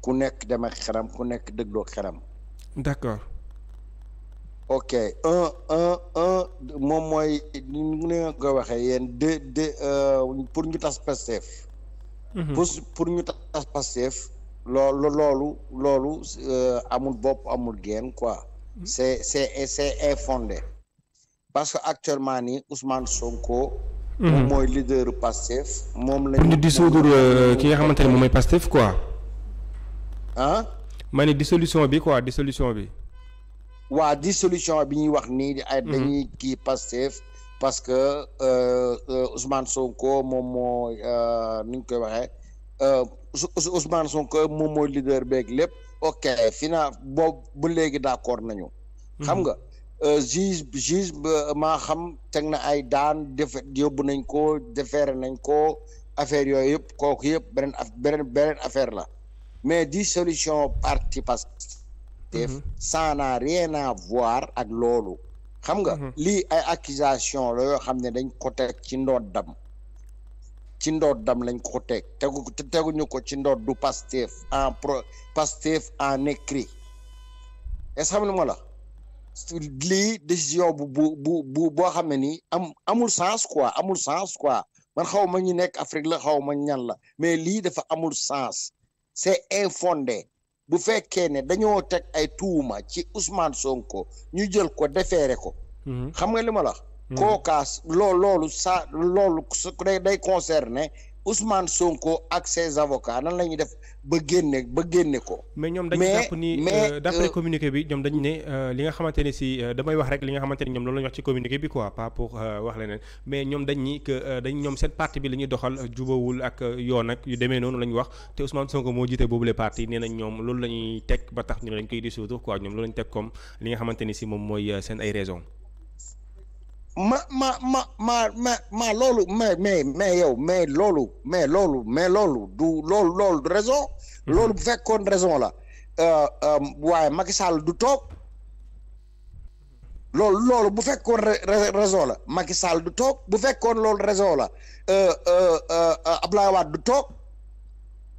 ku nekk dem xeram ku nekk dégloo xelam. d'accord. ok un moom mooy ni nga ko waxee yéen de de euh, pour ñu tas Pastef. Mhm. pour ñu tas Pastef. loolu loolu loolu euh, amul bopp amul génn quoi. Mhm. c'est c'est c'est infondé. parce que actuellement nii Ousmane Sonko. Mhm. moom mooy leader Pastef. moom lañu. di dissoudre euh, ki nga xamante ne moom mooy Pastef quoi. ah. ma ne solution bi quoi dissolution bi. waa solution bi ñuy wax nii. ay mhm. dañuy kii Pastef parce que euh, euh, Ousmane Sonko moom moo euh, ni ñu koy waxee Ousmane Sonko moom mooy leader beeg lépp ok final boobu ba léegi d'accord nañu. Mhm. xam nga juge juge maa xam teg na ay daan def yóbbu nañ ko defeere nañ ko affaire yooyu yëpp kooku yëpp beneen beneen beneen affaire la. mais dissolution parti Pastef mhm. ça n'a rien à voir ak loolu xam nga mhm. lii ay accusation la xam ne dañ ko teg ci ndoddam ci ndoddam lañ ko teg tegu teguñu ko ci ndoddu Pastef en pro Pastef en écrit est-ce xam ne la lii décision bu bu bu bu boo xam ne nii am amul sens quoi amul sens quoi man xaw ma ñu nekk Afrique la xaw ma ñan la mais lii dafa amul sens c'est infondé bu fekkee ne dañoo teg ay tuuma ci Ousmane Sonko ñu jël ko defeere ko. Mhm. xam nga li ma la. Mhm. kookaas loo loolu sa loolu day day concerné Ousmane Sonko ak ses avocats nan la ñuy def ba génne ba génne ko. mais ñoom dañu jàpp ni mais euh, d'après euh, communiqué bi ñoom dañu ne euh, li nga xamante ne si damay wax rek li nga xamante ne ñoom loolu la ñu wax ci communiqué bi quoi pas pour wax leneen mais ñoom dañ ni que dañ ñoom seen parti bi la ak yoon ak yu demee noonu ñu wax te Ousmane Sonko moo jiite boobule parti nee nañ ñoom loolu la teg ba tax ñu dañ koy dissoudre quoi ñoom loolu la ñu teg comme li nga xamante ni si moom mooy seen ay raison ma ma ma ma ma ma loolu mais mais mais yow mais loolu mais loolu mais loolu du loolu loolu du raison mhm. loolu bu fekkoon raison la euh, euh, waaye Macky Sall du toog loolu loolu bu fekkoon raison la Macky Sall du toog bu fekkoon loolu raison la euh, Ablaye Wade du toog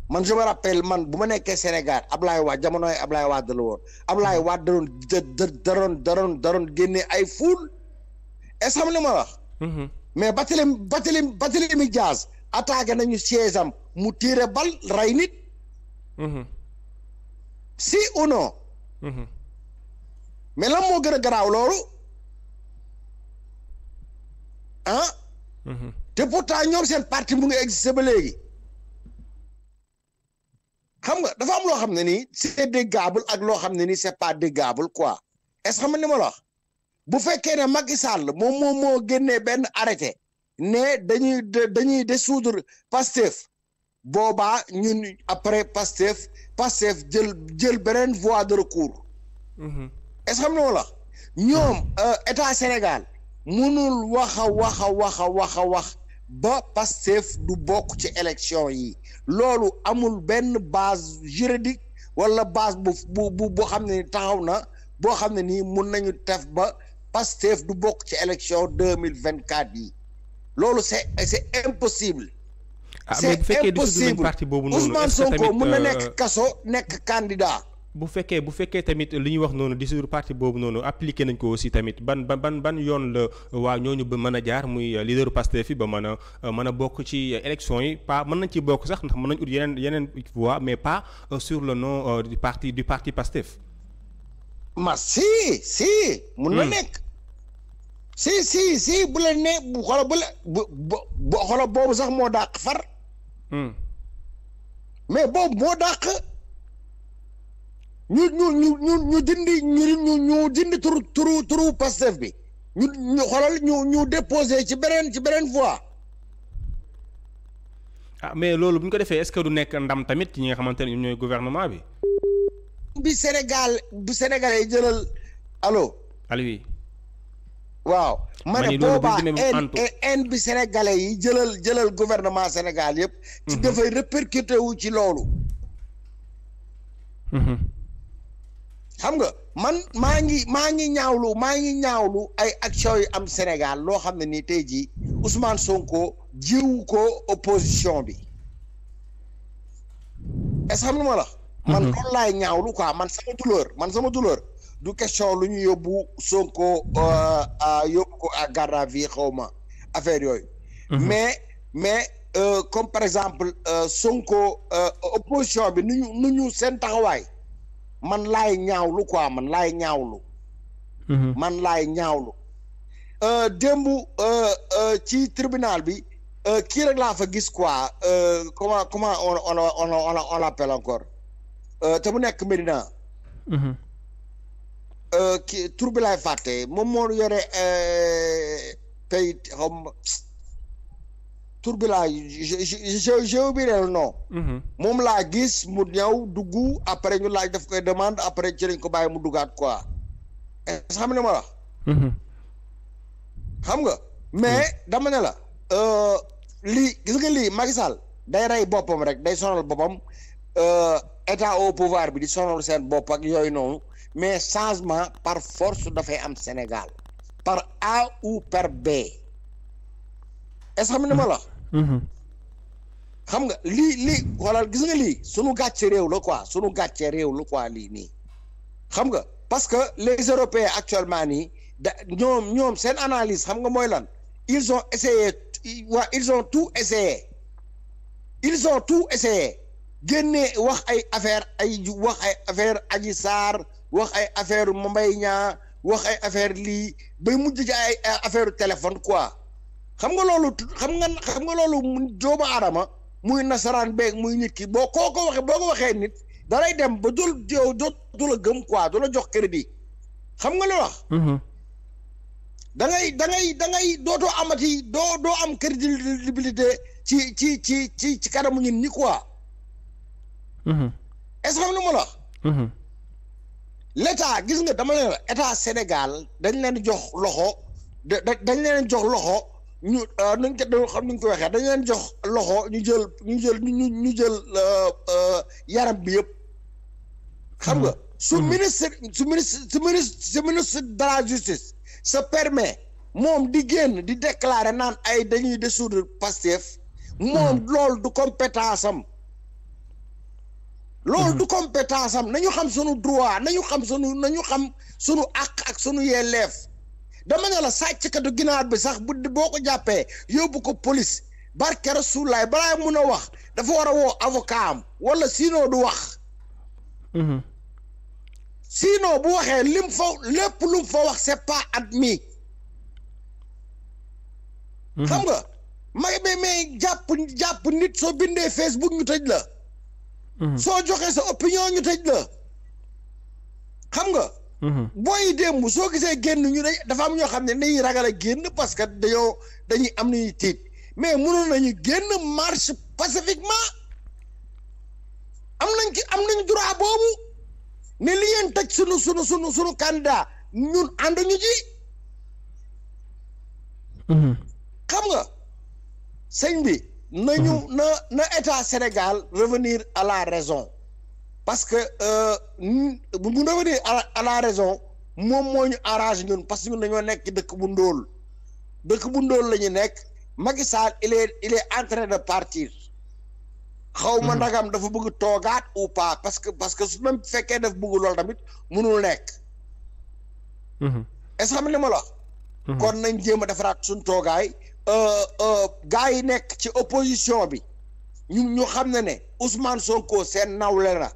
man je me rappelle man bu ma nekkee Sénégal Ablaye Wade jamonoy Ablaye Wade la woon Ablaye mhm. Wade daroon da daroon daroon daroon génne ay ful est-ce que xam lu ma wax. Mm-hmm. mais Barthélémy Barthélémy Barthélémy Dias attaqué nañu siège am mu tiire bal rey nit. Mm-hmm. si ou non. Mm-hmm. mais lam moo gën a garaaw loolu ah. te pourtant ñoom seen parti mu ngi existé ba léegi. xam nga dafa am loo xam ne nii c'est déggable ak loo xam ne nii c'est pas déggable quoi est-ce que xam nga ni ma la wax. bu fekkee ne Macky Sall moom moom moo génnee benn arrêté ne dañuy dañuy dissoudre Pastef boobaa ñun après Pastef Pastef jël jël beneen voie de recours. Mm-hmm. est ce xam nga la ñoom euh, état Sénégal munul wax a wax wax wax a ba Pastef du bokk ci élection yi loolu amul benn base juridique wala base bu bu bu xam ne taxaw na boo xam ne nii mun nañu tef ba. Pastef du bokk ci élection deux mille vingt quatre yi loolu c' est c' est impossible. Ah, c' est impossible Ousmane a mën na euh, nekk kaso nekk kandidaa bu fekkee bu fekkee tamit li ñuy wax noonu dissoudre parti boobu noonu appliqué nañ ko aussi tamit ban ban ban yoon la waa ñooñu ba mën a jaar muy leader Pastef fi ba mën a euh, mën a bokk ci euh, élection yi pas mën nañ ci bokk sax ndax mën nañ ut yeneen yeneen voix mais pas sur le nom du parti du parti Pastef. ma si si. mun na hmm. nekk. si si si bu la ne bu xolo bu la bu xolo boobu sax moo dàq far. Hmm. mais boobu moo dàq ñu ñu ñu ñu ñu dindi ñu ñu ñu dindi turu turu turu Pastef bi ñu ñu xoolal ñu ñu déposé ci beneen ci beneen voie. ah mais loolu bu ñu ko defee est-ce nekk ndam tamit ñi nga xamante ne ñoom ñooy gouvernement bi. bi Sénégal bu Sénégalais jëlal alo allo oui. waaw. ma ne boobaa bi Sénégalais yi jëlal jëlal gouvernement Sénégal yëpp. ci mhm. dafay répercuté wu ci loolu. Mhm. xam nga man maa ngi maa ngi ñaawlu maa ngi ñaawlu ay action yu am Sénégal loo xam ne ni tey jii Ousmane Sonko jiwu ko opposition bi est xam lu ma la. man mhm. loolu laay ñaawlu quoi man sama douleur man sama douleur du question lu ñu yóbbu Sonko euh, yóbbu ko à garde à ma affaire yooyu mhm. mais mais euh, comme par exemple euh, Sonko euh, opposition bi nu ñu nu seen taxawaay man laay ñaawlu quoi man laay ñaawlu mhm. man laay ñaawlu euh, démb ci tribunal bi kii rek laa fa gis quoi comment comment on on on on l'appelle encore Euh, te mu nekk Médina. Mhm. Euh, kii tur bi laay moom moo yore euh, tey xaw ma tur mhm. moom laa gis mu ñëw dugg après ñu laaj def koy demande après ci lañ ko bàyyi mu duggaat quoi est-ce xam ne ma wax. Mhm. xam nga mais dama ne la. lii gis nga lii Macky Sall day rey boppam rek day sonal boppam. état au pouvoir bi di sonal seen bopp ak yooyu noonu mais changement par force dafay am Sénégal par A ou par B est xam ne ma la mm-hmm. xam nga lii lii xoolal gis nga lii sunu gàcce réew la quoi sunu gàccee réew la quoi lii nii xam nga parce que les Européens actuellement nii da ñoom ñoom seen analyse xam nga mooy lan ils ont essayé waa ils ont tout essayé ils ont tout essayé génnee wax ay affaire ay wax ay affaire Adji Sarr wax ay affaire Mbaye Niang wax ay affaire lii bay mujj ci ay affaire téléphone quoi xam nga loolu xam nga xam nga muy nasaraan beeg muy nit ki boo koo ko waxee boo ko waxee nit daray dem ba dul yow gëm quoi du jox crédit xam nga lu wax mm-hmm. da ngay da ngay amati doo doo am crédibilité ci ci ci ci ci kanamu ñun ñi quoi Mm-hmm. est-ce que lu ma la mm-hmm. l'état gis nga dama leen état Sénégal dañ leen jox loxo dañ leen jox loxo ñu euh, nuñ ko xam nuñ ko waxee dañ leen jox loxo ñu jël ñu jël ñu ñu jël euh, euh, yaram bi yëpp xam nga mm-hmm. su ministre su ministre su ministre su ministre de la justice se permet moom di génn di déclarer naan ay dañuy dissoudre Pastef moom loolu du compétence lool mhm. du competence am nañu xam sunu droit nañu xam sunu nañu xam sunu àq ak sunu yelleef dama ne la sàcckatu ginaar bi sax bu boo ko jàppee yóbbu ko police barke Rasulaay balaa mun a wax dafa war a woo avocat am wala sinon du wax mhm. sinon bu waxee lim fa lépp lum fa wax c'est pas admis mhm. xam nga ma mais jàpp jàpp nit soo bindee Facebook ñu tëj la Mm-hmm. soo joxee sa opinion ñu tëj la xam nga. Mm-hmm. booy démb soo gisee génn ñu dañ dafa am ñoo xam ne dañuy ragal génn parce dañoo dañuy am nañuy tiit mais mënoon nañu génn marche pacifiquement am nañ ki am nañ droit boobu ne li ngeen tëj sunu sunu sunu sunu candidat ñun ànduñu ji. Mm-hmm. xam nga sëñ bi. Mhm. na na état Sénégal revenir à la raison parce que euh, bu revenir à la raison moom moo arrange ñun parce que ñun nekk ci dëkk bu ndóol dëkk bu ndóol la ñu nekk Macky Sall il est il est en train de partir xaw ma mhm. ndagam dafa bëgg toogaat ou pas parce que parce que su même fekkee daf buggu lool tamit mënul nekk mhm. est-ce que xam ne ma la kon nañ jéem a defaraat suñ toogaay Euh, euh, gars yi nekk ci opposition bi ñu ñu xam ne ne Ousmane Sonko seen nawle la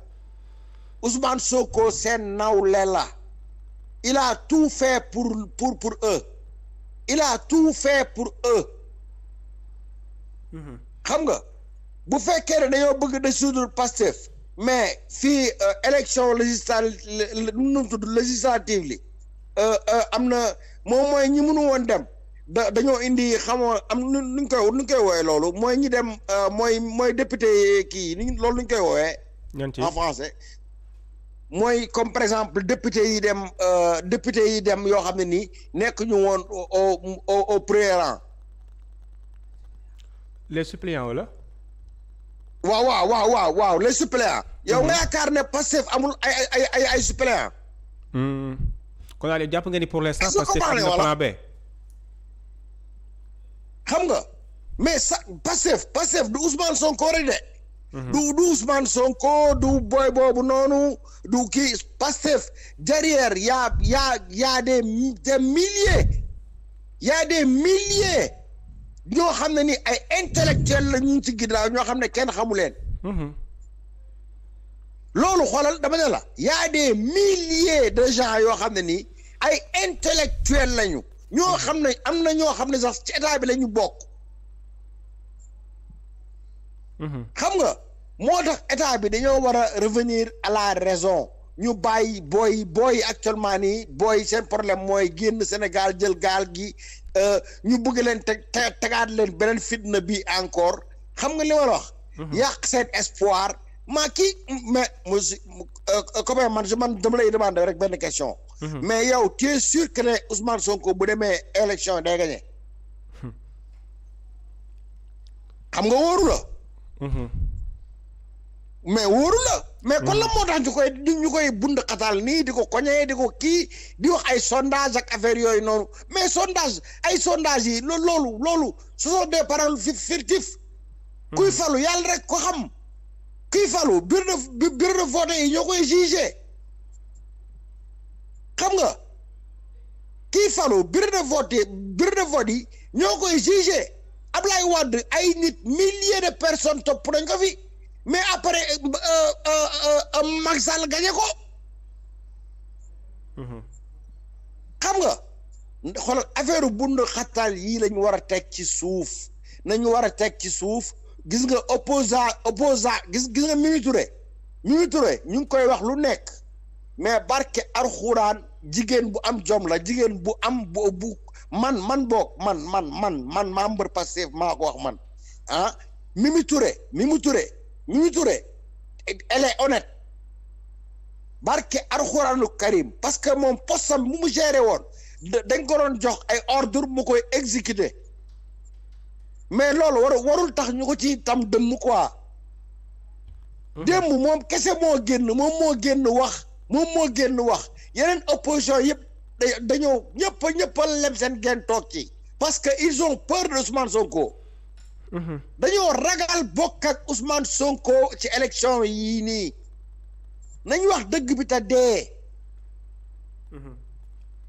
Ousmane Sonko seen nawle la il a tout fait pour pour pour eux il tout fait pour eux. Mhm. xam nga bu fekkee ne dañoo bëgg dissoudre Pastef mais fii euh, élection législative nu mu tudd législative li am na moom mooy ñi mënu woon dem. da dañoo indi xamoo am nu nuñ koy nuñ koy woowee loolu mooy ñi dem euh, mooy mooy député kii ni loolu nuñ koy woowee. en français. mooy comme par exemple député yi dem euh, député yi dem yoo xam ne nii nekk ñu woon au au au premier rang. les suppléants wala. waaw waaw waaw waaw waaw les suppléants. yow mhm. nga yaakaar ne Pastef amul ay ay ay ay suppléants. Hmm. kon daal jàpp nga ni pour l'instant Pastef am na plan B. xam nga mais sa Pastef Pastef du Ousmane Sonko rek mhm. du du Ousmane Sonko du boy boobu noonu du kii Pastef derrière y'a y'a y'a des des milliers y'a des milliers yoo xam ne ni ay intellectuels la ñu ci ginnaaw ñoo xam ne kenn xamu leen. Mhm. loolu xoolal dama ne la y'a de milliers de gens yoo xam ne ni ay intellectuels lañu. ñoo xam ne am na ñoo xam ne sax ci état bi la ñu bokk. Mhm. xam nga moo tax état bi dañoo war a revenir à la raison ñu bàyyi booy booy actuellement nii booy seen problème mooy génn Sénégal jël gaal gi euh, ñu bëgg leen teg tegaat leen beneen fitna bi encore xam nga li ma la wax. Mhm. seen espoir maa kii mais Euh, euh, comment man je man dama lay demandé rek benn question. Mhm. mais yow tu es sûr que ne Ousmane Sonko bu demee élection day gagné. Mhm. xam nga wóoru la. Mhm. mais wóoru mais kon moo tax ñu koy ñu koy bund xataal nii di ko koñee di ko kii di wax ay sondage ak affaire yooyu noonu mais sondage ay sondage yi loolu loolu loolu ce sont des paroles kuy falu yàlla rek ko xam. kii falo bureau de vote yi ñoo koy jugé xam nga kii falo bureau de vote yi vote yi ñoo koy jugé Ablaye Wade ay nit milliers de personnes topp nañ ko fi mais après euh, euh, euh, Macky Sall gagné ko mhm. xam nga xoolal affaire bundu xatal yii lañ war a teg ci suuf nañu war a teg ci suuf gis nga opposant opposant gis gis nga Mimi Touré Mimi Touré ñu ngi koy wax lu nekk mais barke arxuraan jigéen bu am jom jigéen bu am bu bu man man boog man man man man membre passif maa ko wax man ah Mimi Touré Mimi Touré Mimi Touré elle est honnête barke arxuraanu karim parce que moom postam mu mu géré woon dañ ko doon jox ay ordre mu koy exécuter mais loolu war warul tax ñu ko ci tam dëmm quoi mhm. démb moom kese moo génn moom moo génn wax moom moo génn wax yeneen opposition yëpp dañoo ñëpp a ñëpp a lem seen toog ci parce que ils on peur de Ousmane Sonko mhm. dañoo ragal bokk ak Ousmane Sonko ci élection yii nii nañ wax dëgg bi te dee mhm.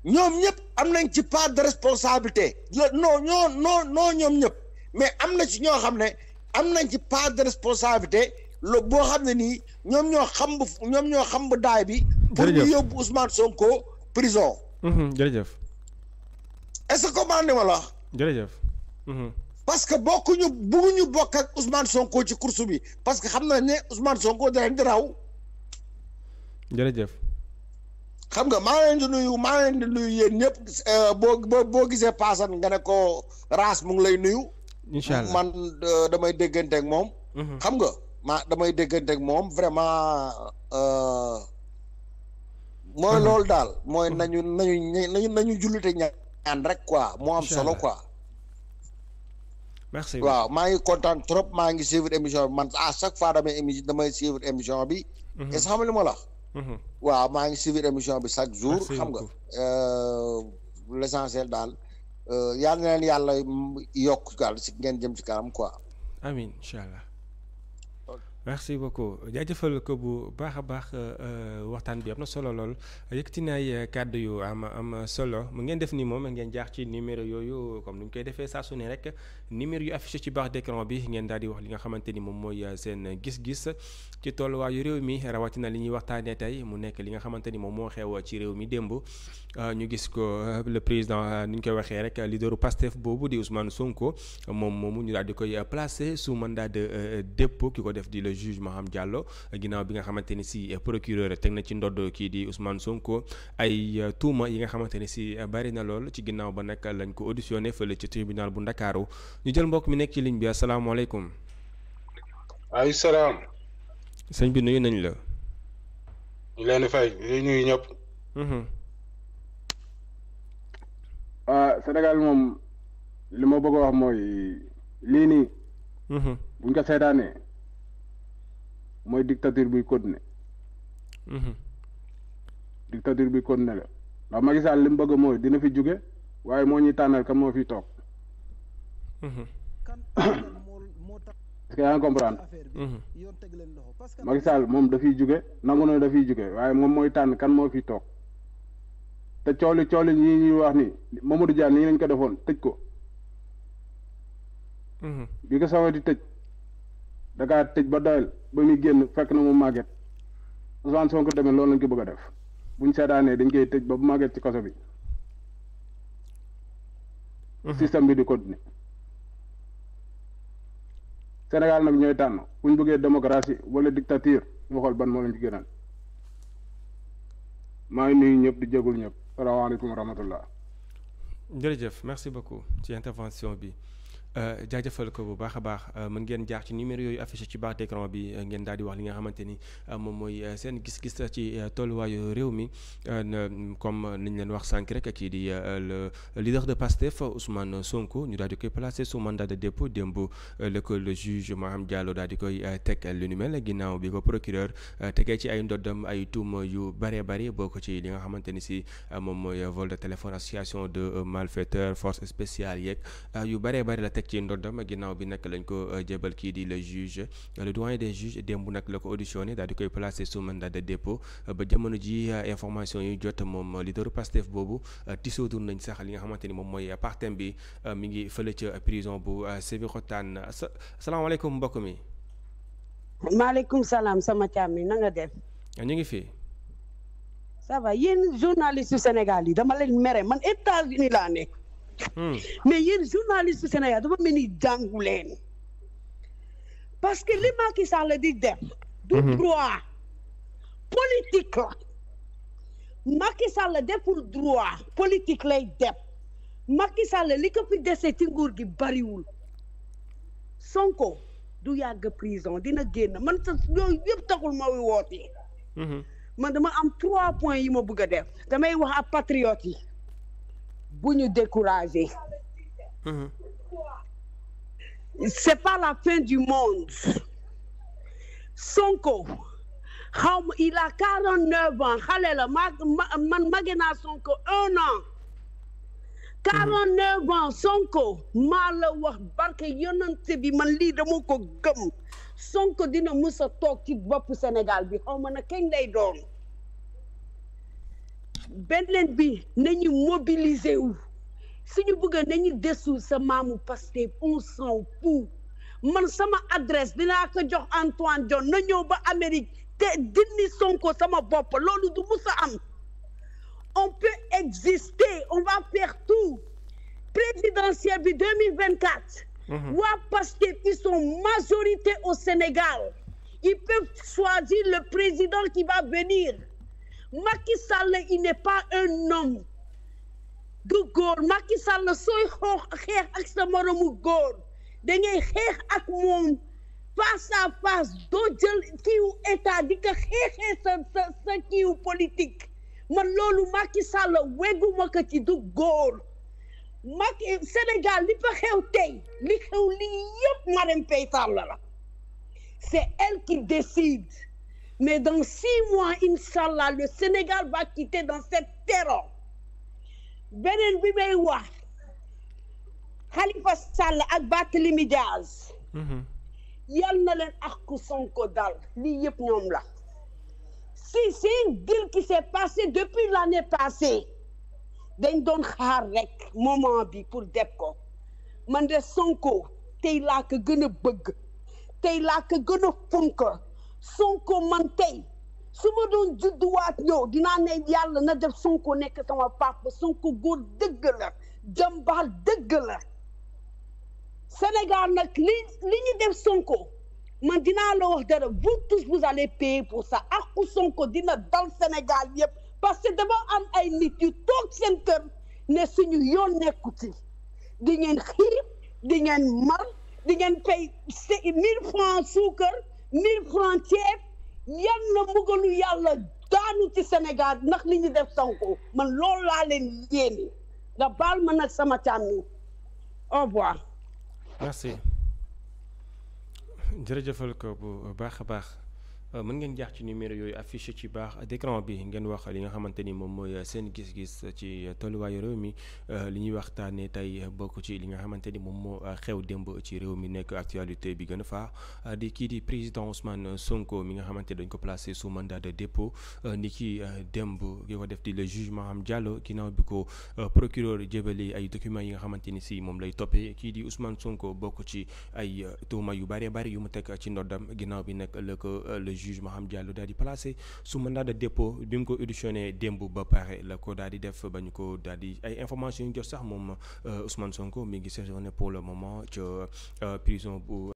ñoom ñëpp am nañ ci part de responsabilité non ñoo noo noo ñoom ñëpp mais am na ci ñoo xam ne am nañ ci part de responsabilité loo boo xam ne nii ñoom ñoo xam bu ñoom ñoo xam bu daay bi. pour ñu yóbbu Ousmane Sonko prison. Mhm, jërëjëf. est-ce que comprendre ma la. jërëjëf. Mhm. parce que bokkuñu bugguñu bokk ak Ousmane Sonko ci course bi parce que xam na ne Ousmane Sonko da leen di raw. jërëjëf. xam nga maa leen di nuyu maa leen di nuyu yéen ñëpp euh, boo boo boo gisee paasan nga ne ko raas mu ngi lay nuyu. incha allah man euh, damay dégganteeg moom. Mhm. xam nga ma damay dégganteeg moom vraiment. Euh, mooy mhm. loolu daal mooy mhm. nañu nañu nañu nañu jullite ñaan rek quoi moo am solo quoi. merci waaw maa ngi kontaan trop maa ngi suivre émission bi man à chaque fois damay émi damay suivre émission bi. et xam nga ma la waaw maa ngi suivre émission bi chaque jour. xam nga euh, l'essentiel daal. yal na leen yàlla yokk gaal si ngeen jëm ci kanam quoi. amiin incha allah. merci beaucoup jaajëfal ko bu baax a baax euh, euh, waxtaan bi am na solo lool yëkkati na ay kàddu yu am am solo mu ngeen def nii moom ngeen jaax ci numéro yooyu comme ni ñu koy defee saa su ne rek numéro yu affiché ci baax d'écran bi ngeen daal di wax li nga xamante ni moom mooy euh, seen gis-gis ci tolluwaayu réew mi rawatina li ñuy waxtaanee tey mu nekk li nga xamante ni moom moo xew ci réew mi démb ñu gis ko le président nu ñu koy waxee rek leaderu Pastef boobu di Ousmane Sonko moom moomu ñu daal di koy placer sous mandat de dépôt ki juge Maham Diallo ginnaaw bi nga xamante ni si procureur teg na ci ndodd kii di Ousmane Sonko ay euh, tuuma yi nga xamante ni si euh, bari na ci ginnaaw ba nag lañ ko auditionné fële ci tribunal bu Ndakaaru ñu jël mbokk mi nekk ci ligne bi asalaamaaleykum. ay salaam. sëñ bi nuyu nañ la. ñu leen di fay ñu nuyu ñëpp. Mhm. Ah, Sénégal moom li ma bëgg a lii nii. Mhm. buñ ko mooy dictature buy continuer mhm. dictature buy continuer la ndax Macky Sall bëgg mooy dina fi jóge waaye moo ñuy tànnal kan moo fiy toog mhm. est-ce que yaa ngi comprendre mhm. Macky Sall moom dafay jóge nangu na dafiy jóge waaye moom mooy tànn kan moo fiy toog te cooli cooli ñi ñuy wax ni Mamadou Dia nii ko defoon tëj ko bi ko sawee di tëj da tëj ba doyal ba muy génn fekk na mu màgget Ousmane Sonko tamit loolu lañ ko bëgg a def buñ seetaanee dañ koy tëj ba bu màgget ci kaso bi. Mhm. système bi di continuer. Sénégal nag ñooy tànn bu ñu bëggee démocratie wala dictature ñu xool ban moo leen ci maa ngi nuyu ñëpp di jegul ñëpp salaamaaleykum wa rahmatullah merci beaucoup ci intervention bi. Euh, jaajëfal ko bu baax a baax euh, mën ngeen jaar ci numéro yooyu affiché ci baax d'écran bi euh, ngeen daal di wax li nga xamante ni moom mooy seen gis-gis ci tolluwaayu réew mi comme niñ leen wax sànq rek kii di le leader de PASTEF Ousmane Sonko ñu daal di koy placé sous mandat de dépôt démb le ko le juge daal di koy teg lu ni mel ginnaaw bi ko procureur tegee ci ay ndoddam ay tuuma yu bare bare boo ko ci li nga xamante ni si moom mooy vol de téléphone association de malfaiteurs force spéciale yeeg yu bare bare la teg ci ci a ginnaaw bi nag lañ ko euh, jébal kii di le juge le doyen des juges démb nag la ko auditionné daal di koy placé sous mandat de dépôt ba jamono ji euh, information yu jot moom leaderu Pastef boobu euh, tisootur nañ sax li nga xamante ni moom mooy partem bi mi ngi fële ca prison bu Sébikotane salaamaaleykum mbokk mi. maaleykum salaam sama càmm mi na nga ñu ngi fi. ça va yéen Sénégal yi dama leen mere man États-Unis laa nekk. Hmm. mais yéen journaliste Sénégal dafa mel ni jàngu leen parce que li Macky Sall di def du hmm. droit politique la Macky Sall deful droit politique lay def Macky Sall li ko fi dese ci nguur gi bariwul Sonko du yàgg prison dina génn man sa yooyu yëpp taxul ma woote hmm. man dama am trois points yi ma bëgg a def damay wax ak patriote yi bu ñu découragé c'est pas la fin du monde Sonko xaw ma il a quarante neuf ans man quarante neuf ans Sonko maa la wax barke yonante bi man lii dama ko gëm Sonko dina mës a toog ci bopp Sénégal bi xaw ma na kañ lay beneen bi nañu mobiliser wu suñu bëgg nañu desu sa maamu Pastef on s'en fout man sama adresse dinaa ko jox Antoine John na ñëw ba Amérique te dindi Sonko sama bopp loolu du musa am on peut exister on va faire tout présidentielle bi 2024 mhm. waa Pastef ils sont majorité au Sénégal ils peuvent choisir le président qui va venir Macky Sall il n'est pas un homme du góor Macky Sall sooy xoox xeex ak sa moromu góor da xeex ak moom face à face doo jël kiiw état di ko xeexee sa kiiw politique man loolu Macky Sall wegguma ko ci du góor Macky Sénégal li fa xew tey li xew lii yëpp Marème Faye Sall la c'est elle qui décide Mais dans six mois, Inch'Allah, le Sénégal va quitter dans cette terreur. beneen bi may Khalifa Sall ak Barthélémy Dias mhm. yal na leen ak ku Sonko dal lii yëpp ñoom la si c'est une deal qui s'est passée depuis l'année passée dañ doon xaar moment bi pour def ko man de Sonko tey laa ko gën a bëgg Sonko man tey su ma doon judduwaat ñëw dinaa ne yàlla na def Sonko nekk sama papa Sonko góor dëgg la jàmbaar dëgg la Sénégal nag li li def Sonko man dinaa la wax dara vous tous vous allez payer pour ça Sonko dina dal Sénégal yëpp parce que dama am ay nit yu toog seen kër ne suñu yoon nekku ci di ngeen xiir di ngeen mar di ngeen mille francs suukar mille frontières yan na mbugalu yàlla daanu ci Sénégal ndax li ñu def Sonko man loolu laa leen yéene nga baal ma nag sama càmmi au revoir merci jërëjëfal ko bu baax a baax Euh, mën ngeen jaax ci numéro yooyu affiché ci baax d'écran bi ngeen wax li nga xamante ni moom mooy euh, seen gis-gis ci euh, tolluwaayu réew mi li ñuy waxtaanee tey bokk ci li nga xamante ni moom moo xew demb ci réew mi nekk actualité bi gën a faa di kii di président Ousmane Sonko mi nga xamante dañ ko placé su mandat de dépôt ni ki démb ki ko def di le juge Maham Diallo ginnaaw bi ko procureur jébali ay documents yi nga xamante ni si moom lay toppee kii di Ousmane Sonko bokk ci ay tuuma yu bëree bëri yu mu teg ci ndoddam ginnaaw bi nag la ko le juge Maham Diallo daal di placé sous mandat a dépôt bi mu ko auditionné démb ba pare la ko daal di def ba ñu ko di ay information yu jot sax moom euh, Ousmane Sonko mi ngi séjourné pour le moment ca euh, prison bu